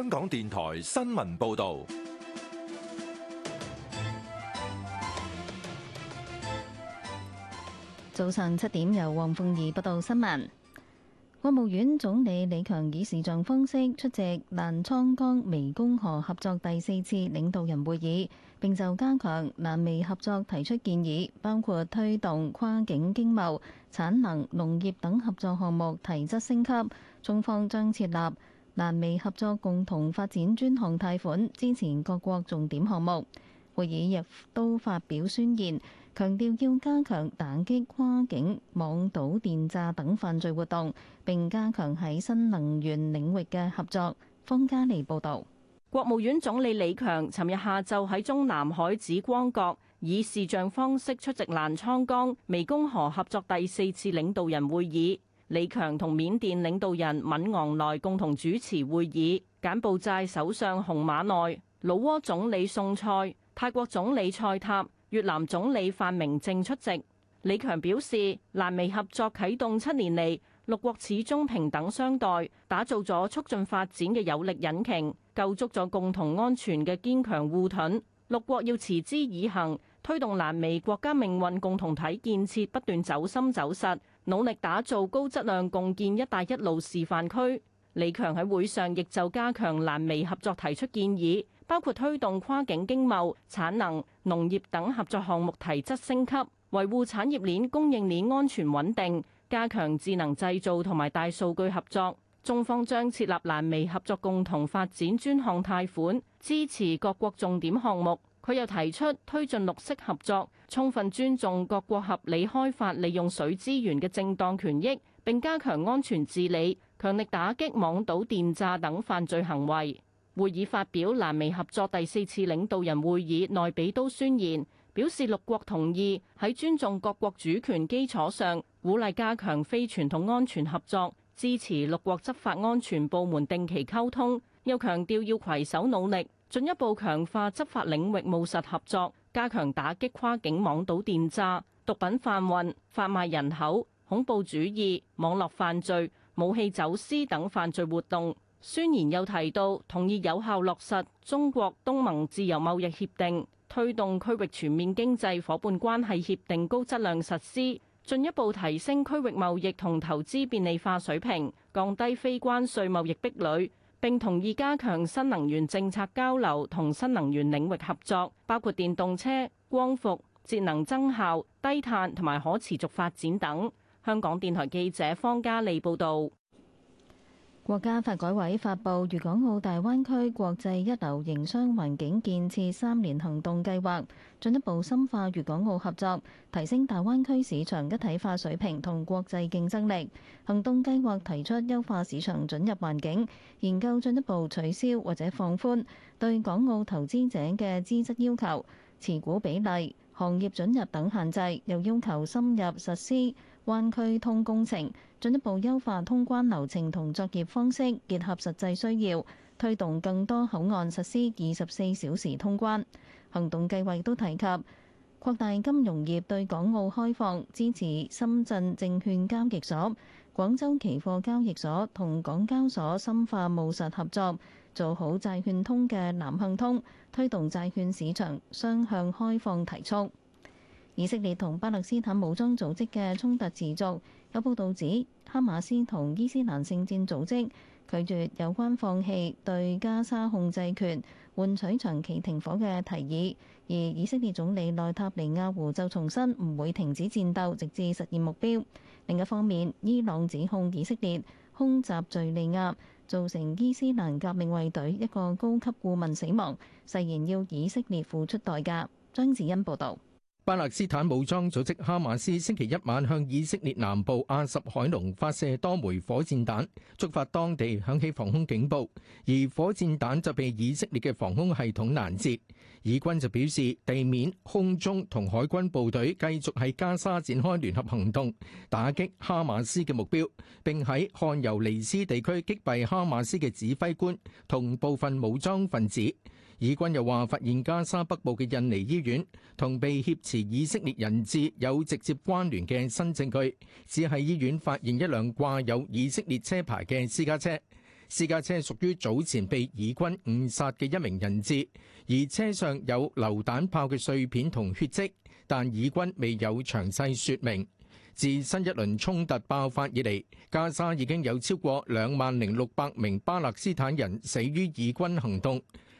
香港電台新聞報道，早上七點由黃鳳儀報道新聞。國務院總理李強以視像方式出席瀾滄江湄公河合作第四次領導人會議，並就加強瀾湄合作提出建議，包括推動跨境經貿、產能、農業等合作項目提質升級，中方將設立瀾湄合作共同發展專項貸款，支持各國重點項目。會議亦都發表宣言，強調要加強打擊跨境網賭電詐等犯罪活動，並加強喺新能源領域嘅合作。方家莉報道，國務院總理李強尋日下晝喺中南海紫光閣，以視像方式出席瀾滄江湄公河合作第四次領導人會議。李強同緬甸領導人敏昂萊共同主持會議，柬埔寨首相洪馬內、老撾總理宋賽、泰國總理賽塔、越南總理范明政出席。李強表示，瀾湄合作啟動七年嚟，六國始終平等相待，打造咗促進發展嘅有力引擎，構築咗共同安全嘅堅強護盾。六國要持之以恒，推動瀾湄國家命運共同體建設不斷走深走實。努力打造高質量共建“一帶一路”示範區。李強喺會上亦就加強瀾湄合作提出建議，包括推動跨境經貿、產能、農業等合作項目提質升級，維護產業鏈、供應鏈安全穩定，加強智能製造同埋大數據合作。中方將設立瀾湄合作共同發展專項貸款，支持各國重點項目。佢又提出推進綠色合作，充分尊重各國合理開發利用水資源嘅正當權益，並加強安全治理，強力打擊網賭電詐等犯罪行為。會議發表瀾湄合作第四次領導人會議內比都宣言，表示六國同意喺尊重各國主權基礎上，鼓勵加強非傳統安全合作，支持六國執法安全部門定期溝通，又強調要攜手努力。進一步強化執法領域務實合作，加強打擊跨境網賭電詐、毒品販運、販賣人口、恐怖主義、網絡犯罪、武器走私等犯罪活動。宣言又提到，同意有效落實中國東盟自由貿易協定，推動區域全面經濟夥伴關係協定高質量實施，進一步提升區域貿易同投資便利化水平，降低非關稅貿易壁壘。並同意加強新能源政策交流同新能源領域合作，包括電動車、光伏、節能增效、低碳同埋可持續發展等。香港電台記者方嘉利報導。國家發改委發布《粵港澳大灣區國際一流營商環境建設三年行動計劃》，進一步深化粵港澳合作，提升大灣區市場一體化水平同國際競爭力。行動計劃提出優化市場准入環境，研究進一步取消或者放寬對港澳投資者嘅資質要求、持股比例、行業准入等限制，又要求深入實施灣區通工程。進一步優化通關流程同作業方式，結合實際需要，推動更多口岸實施二十四小時通關。行動計劃亦都提及擴大金融業對港澳開放，支持深圳證券交易所、廣州期貨交易所同港交所深化務實合作，做好債券通嘅南向通，推動債券市場雙向開放提速。以色列同巴勒斯坦武裝組織嘅衝突持續。有報道指，哈馬斯同伊斯蘭聖戰組織拒絕有關放棄對加沙控制權、換取長期停火嘅提議，而以色列總理內塔尼亞胡就重申唔會停止戰鬥，直至實現目標。另一方面，伊朗指控以色列空襲敘利亞，造成伊斯蘭革命衛隊一個高級顧問死亡，誓言要以色列付出代價。張子恩報導。巴勒斯坦武裝組織哈馬斯星期一晚向以色列南部亞什海龍發射多枚火箭彈，觸發當地響起防空警報，而火箭彈就被以色列嘅防空系統攔截。以軍就表示，地面、空中同海軍部隊繼續喺加沙展開聯合行動，打擊哈馬斯嘅目標，並喺漢尤尼斯地區擊斃哈馬斯嘅指揮官同部分武裝分子。以軍又話發現加沙北部嘅印尼醫院同被挾持以色列人質有直接關聯嘅新證據，只係醫院發現一輛掛有以色列車牌嘅私家車。私家車屬於早前被以軍誤殺嘅一名人質，而車上有榴彈炮嘅碎片同血跡，但以軍未有詳細説明。自新一輪衝突爆發以嚟，加沙已經有超過兩萬零六百名巴勒斯坦人死於以軍行動。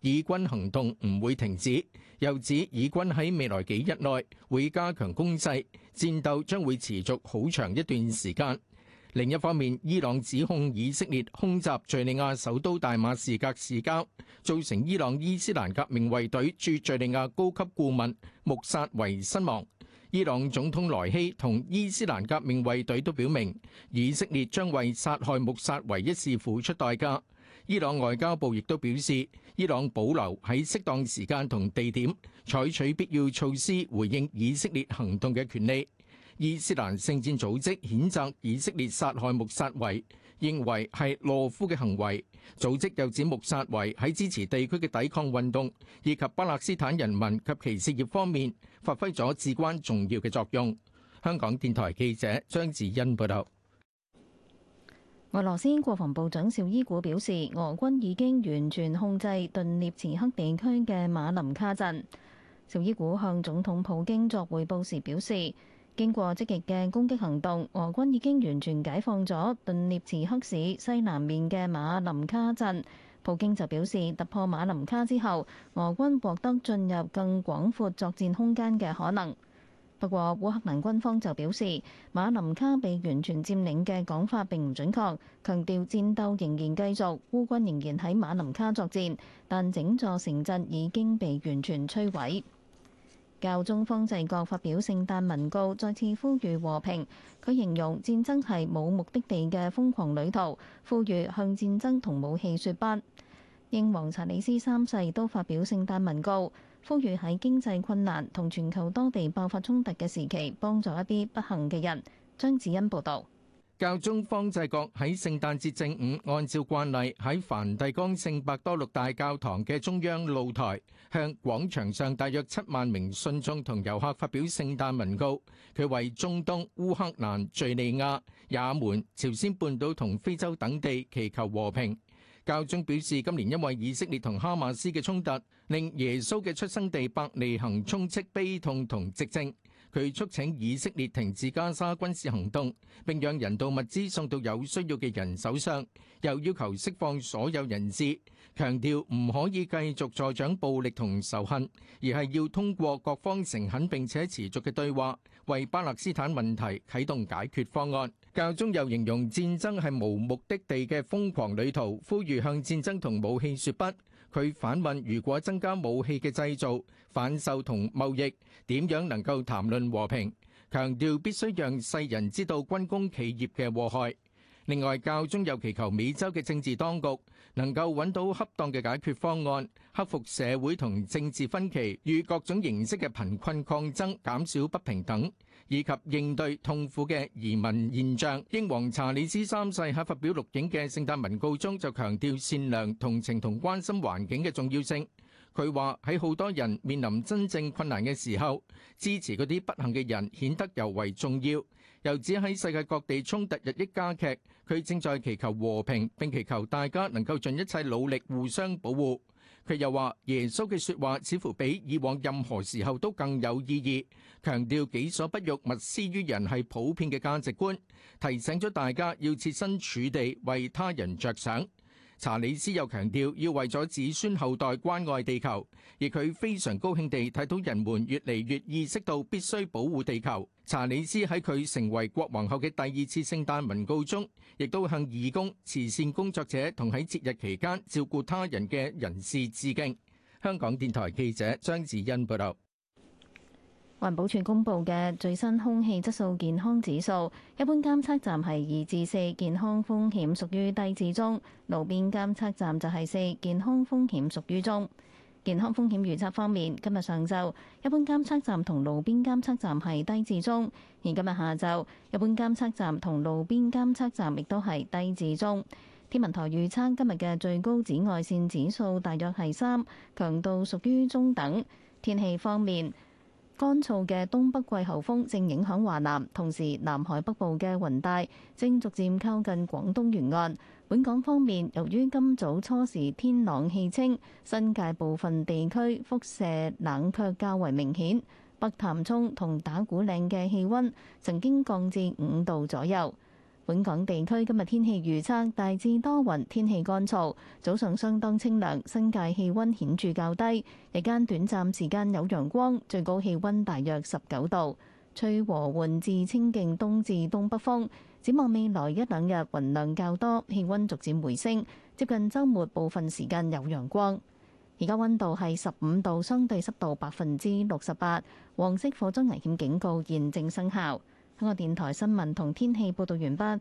以軍行動唔會停止，又指以軍喺未來幾日內會加強攻勢，戰鬥將會持續好長一段時間。另一方面，伊朗指控以色列空襲敍利亞首都大馬士革市郊，造成伊朗伊斯蘭革命衛隊駐敍利亞高級顧問穆薩維身亡。伊朗總統萊希同伊斯蘭革命衛隊都表明，以色列將為殺害穆薩維一事付出代價。伊朗外交部亦都表示，伊朗保留喺適當時間同地點採取必要措施回應以色列行動嘅權利。伊斯蘭聖戰組織譴責以色列殺害穆薩維，認為係懦夫嘅行為。組織又指穆薩維喺支持地區嘅抵抗運動以及巴勒斯坦人民及其事業方面發揮咗至關重要嘅作用。香港電台記者張智欣報道。俄羅斯國防部長邵伊古表示，俄軍已經完全控制頓涅茨克地區嘅馬林卡鎮。邵伊古向總統普京作匯報時表示，經過積極嘅攻擊行動，俄軍已經完全解放咗頓涅茨克市西南面嘅馬林卡鎮。普京就表示，突破馬林卡之後，俄軍獲得進入更廣闊作戰空間嘅可能。不過烏克蘭軍方就表示，馬林卡被完全佔領嘅講法並唔準確，強調戰鬥仍然繼續，烏軍仍然喺馬林卡作戰，但整座城鎮已經被完全摧毀。教宗方濟各發表聖誕文告，再次呼籲和平。佢形容戰爭係冇目的地嘅瘋狂旅途，呼籲向戰爭同武器說不。英王查理斯三世都發表聖誕文告。呼籲喺經濟困難同全球多地爆發衝突嘅時期，幫助一啲不幸嘅人。張子欣報導，教宗方濟各喺聖誕節正午，按照慣例喺梵蒂岡聖伯多祿大教堂嘅中央露台，向廣場上大約七萬名信眾同遊客發表聖誕文告。佢為中東、烏克蘭、敘利亞、也門、朝鮮半島同非洲等地祈求和平。教宗表示，今年因為以色列同哈馬斯嘅衝突，令耶穌嘅出生地伯利恒充斥悲痛同寂靜。佢促請以色列停止加沙軍事行動，並讓人道物資送到有需要嘅人手上，又要求釋放所有人質，強調唔可以繼續助長暴力同仇恨，而係要通過各方誠懇並且持續嘅對話，為巴勒斯坦問題啟動解決方案。教宗又形容戰爭係無目的地嘅瘋狂旅途，呼籲向戰爭同武器説不。佢反問：如果增加武器嘅製造、販售同貿易，點樣能夠談論和平？強調必須讓世人知道軍工企業嘅禍害。另外，教宗又祈求美洲嘅政治當局能夠揾到恰當嘅解決方案，克服社會同政治分歧，與各種形式嘅貧困抗爭，減少不平等。以及應對痛苦嘅移民現象。英皇查理斯三世喺發表錄影嘅聖誕文告中就強調善良、同情同關心環境嘅重要性。佢話喺好多人面臨真正困難嘅時候，支持嗰啲不幸嘅人顯得尤為重要。又指喺世界各地衝突日益加劇，佢正在祈求和平，並祈求大家能夠盡一切努力互相保護。佢又話：耶穌嘅説話似乎比以往任何時候都更有意義，強調己所不欲，勿施於人係普遍嘅價值觀，提醒咗大家要設身處地，為他人著想。查理斯又強調要為咗子孫後代關愛地球，而佢非常高興地睇到人們越嚟越意識到必須保護地球。查理斯喺佢成為國王後嘅第二次聖誕文告中，亦都向義工、慈善工作者同喺節日期間照顧他人嘅人士致敬。香港電台記者張子欣報道。環保署公布嘅最新空氣質素健康指數，一般監測站係二至四，健康風險屬於低至中；路邊監測站就係四，健康風險屬於中。健康風險預測方面，今日上晝一般監測站同路邊監測站係低至中，而今日下晝一般監測站同路邊監測站亦都係低至中。天文台預測今日嘅最高紫外線指數大約係三，強度屬於中等。天氣方面，乾燥嘅東北季候風正影響華南，同時南海北部嘅雲帶正逐漸靠近廣東沿岸。本港方面，由於今早初時天朗氣清，新界部分地區輻射冷卻較為明顯，北潭涌同打鼓嶺嘅氣温曾經降至五度左右。本港地區今日天氣預測大致多雲，天氣乾燥，早上相當清涼，新界氣温顯著較低，日間短暫時間有陽光，最高氣温大約十九度，吹和緩至清勁東至東北風。展望未來一兩日雲量較多，氣温逐漸回升，接近週末部分時間有陽光。而家温度係十五度，相對濕度百分之六十八。黃色火災危險警告現正生效。香港電台新聞同天氣報導完畢。